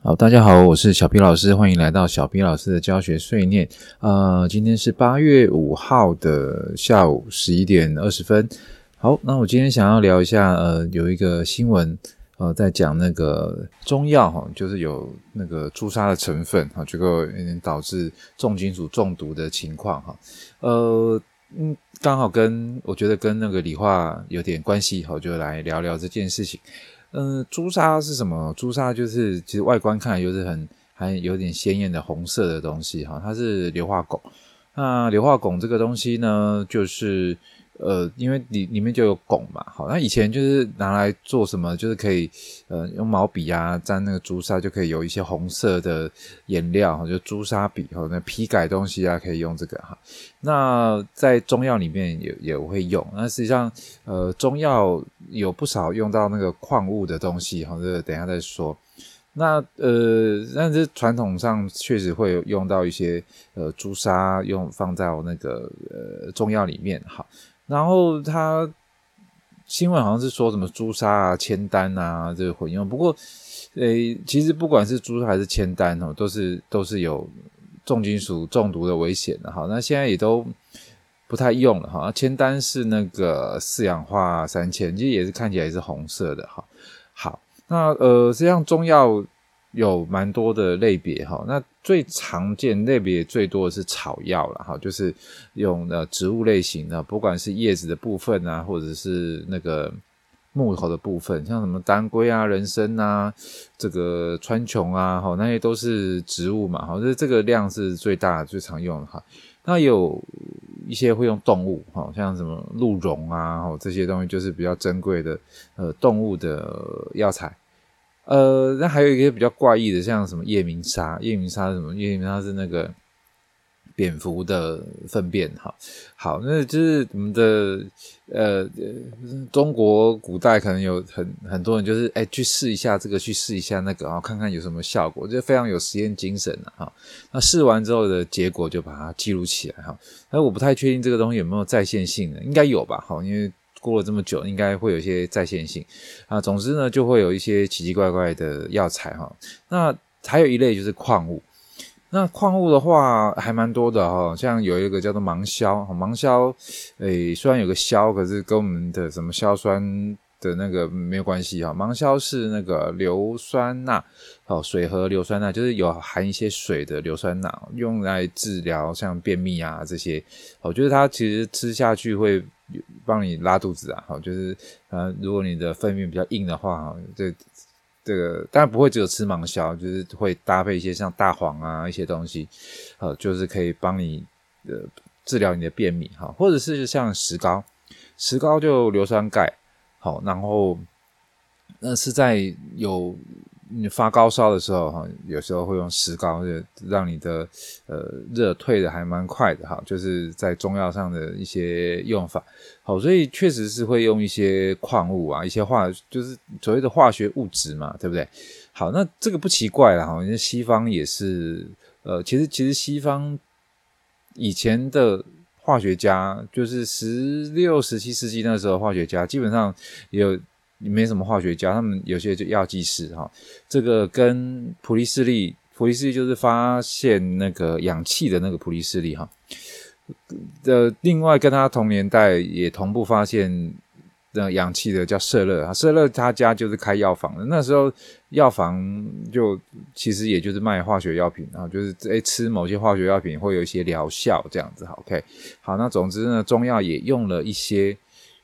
好，大家好，我是小皮老師，歡迎來到小皮老師的教學碎念。呃，今天是八月五號的下午十一點二十分。好，那我今天想要聊一下，呃，有一個新聞，呃，在講那個中藥哈，就是有那個硃砂的成分哈，呃，結果導致重金屬中毒的情況哈。呃，嗯，剛好跟我覺得跟那個理化有點關係，我就來聊聊這件事情。嗯，朱砂、呃、是什麼？朱砂就是其實外觀看來就是很還有點鮮豔的紅色的東西哈，它是硫化汞。那硫化汞這個東西呢，就是。呃，因為你裡,裡面就有汞嘛，好，那以前就是拿來做什麼，就是可以，呃，用毛筆呀，啊，沾那個朱砂就可以有一些紅色的顏料，好，就朱砂筆，哈，那批改東西啊可以用這個哈。那在中藥裡面也也會用，那實際上，呃，中藥有不少用到那個礦物的東西，哈，這個等一下再說。那呃，但是傳統上確實會用到一些，呃，朱砂用放在那個呃中藥裡面，好。然後他新聞好像是說什麼硃砂啊、鉛丹啊，這個混用。不過，誒，其實不管是硃砂還是鉛丹哦，都是都是有重金屬中毒的危險的哈。那現在也都不太用了哈。鉛丹是那個四氧化三鉛，其實也是看起來也是紅色的哈。好，好，那呃，實際上中藥。有蠻多的類別哈，那最常見類別最多的是草藥了哈，就是用的植物類型的，不管是葉子的部分啊，或者是那個木頭的部分，像什麼當歸啊、人參啊、這個川芎啊，哈那些都是植物嘛，好，就是，這個量是最大的、最常用的哈。那有一些會用動物哈，像什麼鹿茸啊，哦這些東西就是比較珍貴的呃動物的藥材。呃，那還有一些比較怪異的，像什麼夜明砂，夜明砂是什麼？夜明砂是那個蝙蝠的糞便，哈，好，那就是我們的呃，中國古代可能有很很多人，就是哎、欸，去試一下這個，去試一下那個啊，看看有什麼效果，就非常有實驗精神的、啊、哈。那試完之後的結果就把它記錄起來哈。那我不太確定這個東西有沒有再現性呢，應該有吧，哈，因為。過了這麼久，應該會有一些再現性啊。總之呢，就會有一些奇奇怪怪的藥材哈、哦。那還有一類就是礦物。那礦物的話還蠻多的哈、哦，像有一個叫做芒硝哈。芒硝，誒、哦欸，雖然有個硝，可是跟我們的什麼硝酸的那個沒有關係啊。芒、哦、硝是那個硫酸鈉哦，水和硫酸鈉，就是有含一些水的硫酸鈉，用來治療像便秘啊這些。我覺得它其實吃下去會。幫你拉肚子啊，好，就是呃、啊，如果你的糞便比較硬的話，這這個當然不會只有吃芒硝，就是會搭配一些像大黃啊一些東西，呃，就是可以幫你呃治療你的便秘哈，或者是像石膏，石膏就硫酸鈣，好，然後那是在有。你發高燒的時候，哈，有時候會用石膏，就讓你的呃熱退的還蠻快的，哈，就是在中藥上的一些用法，好，所以確實是會用一些礦物啊，一些化，就是所謂的化學物質嘛，對不對？好，那這個不奇怪啦，哈，因為西方也是，呃，其實其實西方以前的化學家，就是十六、十七世紀那時候的化學家，基本上也有。沒什麼化學家，他們有些就藥劑師哈。這個跟普利斯利，普利斯利就是發現那個氧氣的那個普利斯利哈。的另外跟他同年代也同步發現的氧氣的叫舍勒啊，舍勒他家就是開藥房的。那時候藥房就其實也就是賣化學藥品，然後就是誒吃某些化學藥品會有一些療效這樣子哈。OK。好，那總之呢，中藥也用了一些。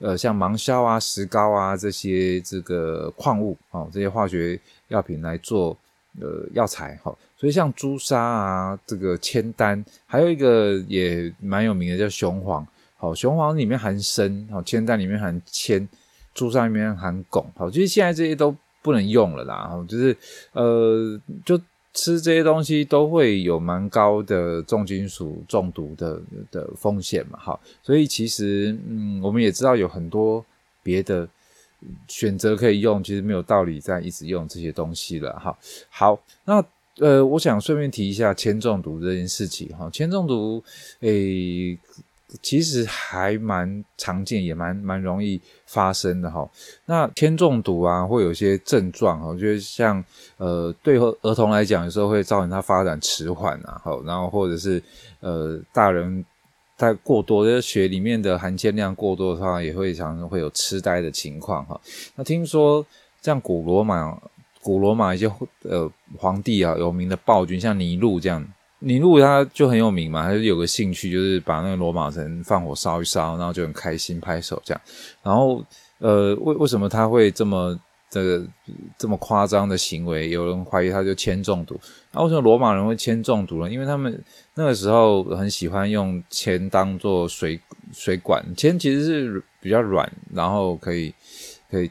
呃，像芒硝啊、石膏啊這些這個礦物哦，這些化學藥品來做呃藥材哈、哦，所以像朱砂啊、這個鉛丹，還有一個也蠻有名的叫雄黃，好、哦，雄黃裡面含砷，好、哦，鉛丹裡面含鉛，朱砂裡面含汞，好、哦，其實現在這些都不能用了啦，哦、就是呃就。吃這些東西都會有蠻高的重金屬中毒的的風險嘛，哈，所以其實嗯，我們也知道有很多別的選擇可以用，其實沒有道理再一直用這些東西了，好，好，那呃，我想順便提一下鉛中毒這件事情哈，鉛、哦、中毒，誒、欸。其實還蠻常見，也蠻蠻容易發生的哈。那鉛中毒啊，會有一些症狀哈。我覺得像呃，對兒童來講，有時候會造成他發展遲緩啊。好，然後或者是呃，大人在過多的血裡面的含鉛量過多的話，也會常常會有癡呆的情況哈。那聽說像古羅馬，古羅馬一些呃皇帝啊，有名的暴君，像尼祿這樣。尼祿他就很有名嘛，他就有個興趣，就是把那個羅馬城放火燒一燒，然後就很開心拍手這樣。然後，呃，為為什麼他會這麼個、呃、這麼誇張的行為？有人懷疑他就鉛中毒。那為什麼羅馬人會鉛中毒呢？因為他們那個時候很喜歡用鉛當做水水管。鉛其實是比較軟，然後可以可以。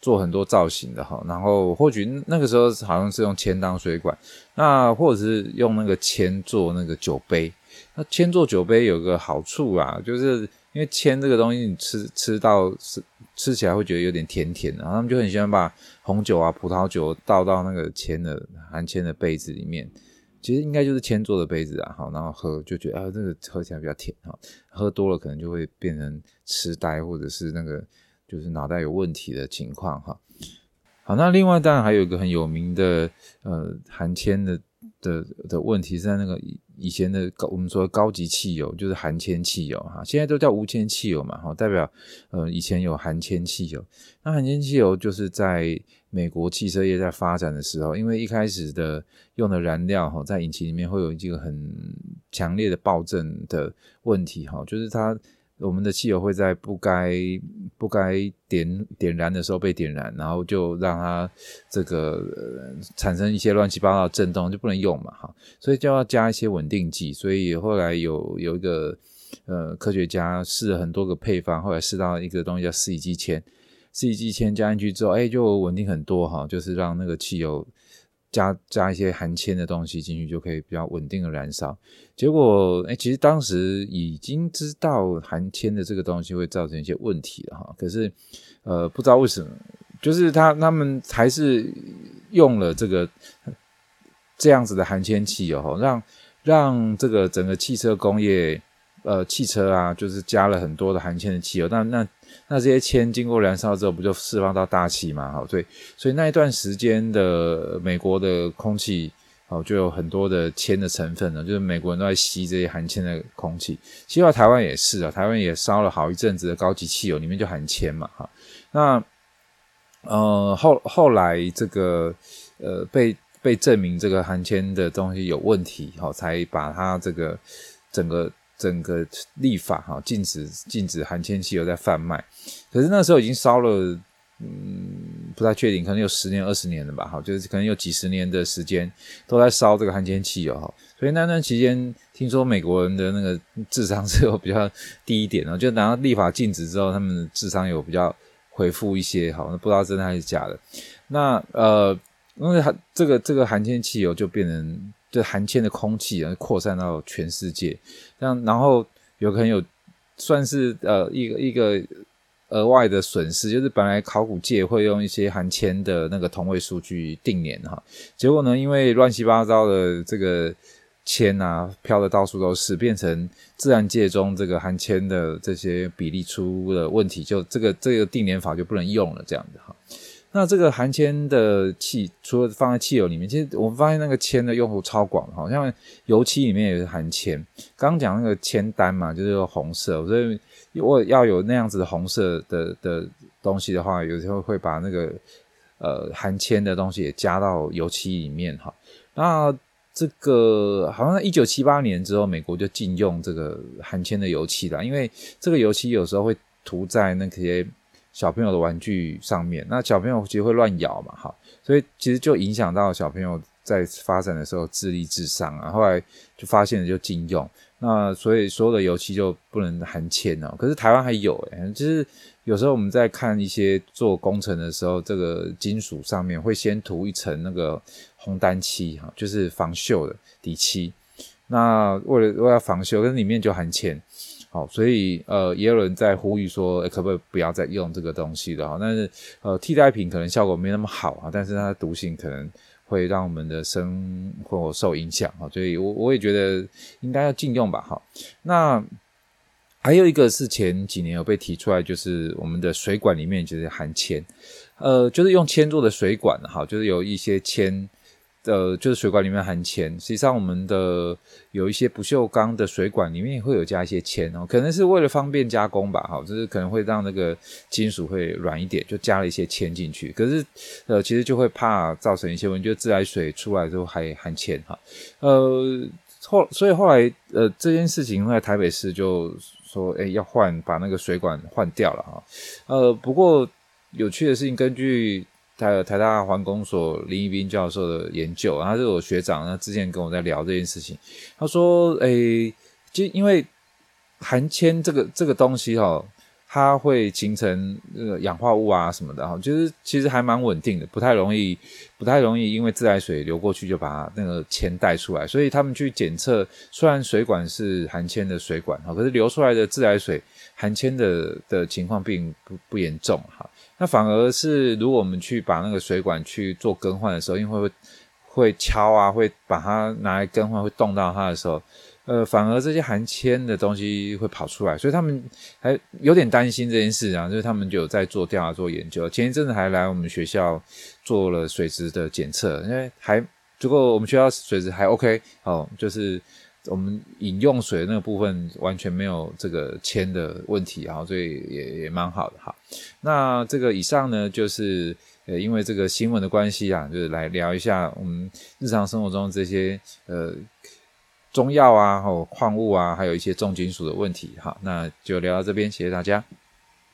做很多造型的哈，然後或許那個時候好像是用鉛當水管，那或者是用那個鉛做那個酒杯。那鉛做酒杯有個好處啊，就是因為鉛這個東西，你吃吃到吃吃起來會覺得有點甜甜的，然後他們就很喜歡把紅酒啊、葡萄酒倒到那個鉛的含鉛的杯子裡面，其實應該就是鉛做的杯子啊，好，然後喝就覺得啊這、那個喝起來比較甜啊，喝多了可能就會變成癡呆或者是那個。就是腦袋有問題的情況哈。好，那另外當然還有一個很有名的呃含鉛的的的問題是在那個以前的高我們說的高級汽油，就是含鉛汽油哈，現在都叫無鉛汽油嘛，哈，代表呃以前有含鉛汽油。那含鉛汽油就是在美國汽車業在發展的時候，因為一開始的用的燃料哈，在引擎裡面會有一個很強烈的爆震的問題哈，就是它。我們的汽油會在不該不該點點燃的時候被點燃，然後就讓它這個、呃、產生一些亂七八糟的震動，就不能用嘛哈，所以就要加一些穩定劑。所以後來有有一個呃科學家試了很多個配方，後來試到一個東西叫四乙基鉛，四乙基鉛加進去之後，哎，就穩定很多哈，就是讓那個汽油。加加一些含鉛的東西進去，就可以比較穩定的燃燒。結果，哎、欸，其實當時已經知道含鉛的這個東西會造成一些問題了哈。可是，呃，不知道為什麼，就是他他們還是用了這個這樣子的含鉛汽油，讓讓這個整個汽車工業。呃，汽車啊，就是加了很多的含鉛的汽油，那那那這些鉛經過燃燒之後，不就釋放到大氣嘛？好，對，所以那一段時間的美國的空氣，哦，就有很多的鉛的成分呢，就是美國人都在吸這些含鉛的空氣。其實，台灣也是啊，台灣也燒了好一陣子的高級汽油，裡面就含鉛嘛。哈，那，呃，後後來這個呃，被被證明這個含鉛的東西有問題，好，才把它這個整個。整個立法哈，禁止禁止含鉛汽油在販賣，可是那時候已經燒了，嗯，不太確定，可能有十年二十年了吧，哈，就是可能有幾十年的時間都在燒這個含鉛汽油哈，所以那段期間聽說美國人的那個智商是有比較低一點，然後就拿到立法禁止之後，他們的智商有比較回復一些哈，那不知道真的還是假的。那呃，因為這個這個含鉛汽油就變成。對含鉛的空氣，然後擴散到全世界。這樣然後有可能有算是呃一個一個額外的損失，就是本來考古界會用一些含鉛的那個同位素去定年哈，結果呢，因為亂七八糟的這個鉛啊飄的到處都是，變成自然界中這個含鉛的這些比例出了問題，就這個這個定年法就不能用了，這樣子哈。那這個含鉛的氣，除了放在汽油裡面，其實我們發現那個鉛的用途超廣，好像油漆裡面也是含鉛。剛剛講那個鉛丹嘛，就是紅色，所以如果要有那樣子的紅色的的東西的話，有時候會把那個呃含鉛的東西也加到油漆裡面哈。那這個好像一九七八年之後，美國就禁用這個含鉛的油漆了，因為這個油漆有時候會塗在那些，小朋友的玩具上面，那小朋友其實會亂咬嘛，哈，所以其實就影響到小朋友在發展的時候智力智商啊。後來就發現了就禁用，那所以所有的油漆就不能含鉛了，啊。可是台灣還有、欸，誒，就是有時候我們在看一些做工程的時候，這個金屬上面會先塗一層那個紅丹漆，哈，就是防鏽的底漆。那為了為了防鏽，可是裡面就含鉛。所以，呃，也有人在呼籲說，哎，可不可以不要再用這個東西了哈？但是，呃，替代品可能效果沒那麼好啊，但是它的毒性可能會讓我們的生活受影響啊。所以我我也覺得應該要禁用吧。好，那還有一個是前幾年有被提出來，就是我們的水管裡面就是含鉛，呃，就是用鉛做的水管哈，就是有一些鉛。呃，就是水管裡面含鉛。實際上，我們的有一些不鏽鋼的水管裡面也會有加一些鉛哦，可能是為了方便加工吧。哈、哦，就是可能會讓那個金屬會軟一點，就加了一些鉛進去。可是，呃，其實就會怕造成一些問題。就自來水出來之後還含鉛哈、哦。呃，後所以後來，呃，這件事情在台北市就說，哎，要換把那個水管換掉了哈、哦，呃，不過有趣的事情，根據。台台大環工所林奕斌教授的研究，然後他是我學長，他之前跟我在聊這件事情，他說，誒、哎，就因為含鉛這個這個東西哈、哦，它會形成那個氧化物啊什麼的哈，就是其實還蠻穩定的，不太容易，不太容易因為自來水流過去就把那個鉛帶出來，所以他們去檢測，雖然水管是含鉛的水管哈，可是流出來的自來水含鉛的的情況並不不嚴重哈。那反而是，如果我們去把那個水管去做更換的時候，因為會會敲啊，會把它拿來更換，會動到它的時候，呃，反而這些含鉛的東西會跑出來，所以他們還有點擔心這件事啊，就是他們就有在做調查、做研究。前一陣子還來我們學校做了水質的檢測，因為還如果我們學校水質還 OK，哦，就是。我們飲用水那個部分完全沒有這個鉛的問題哈，所以也也蠻好的哈。那這個以上呢，就是呃因為這個新聞的關係啊，就是來聊一下我們日常生活中這些呃中藥啊、哦、礦物啊，還有一些重金屬的問題哈。那就聊到這邊，謝謝大家。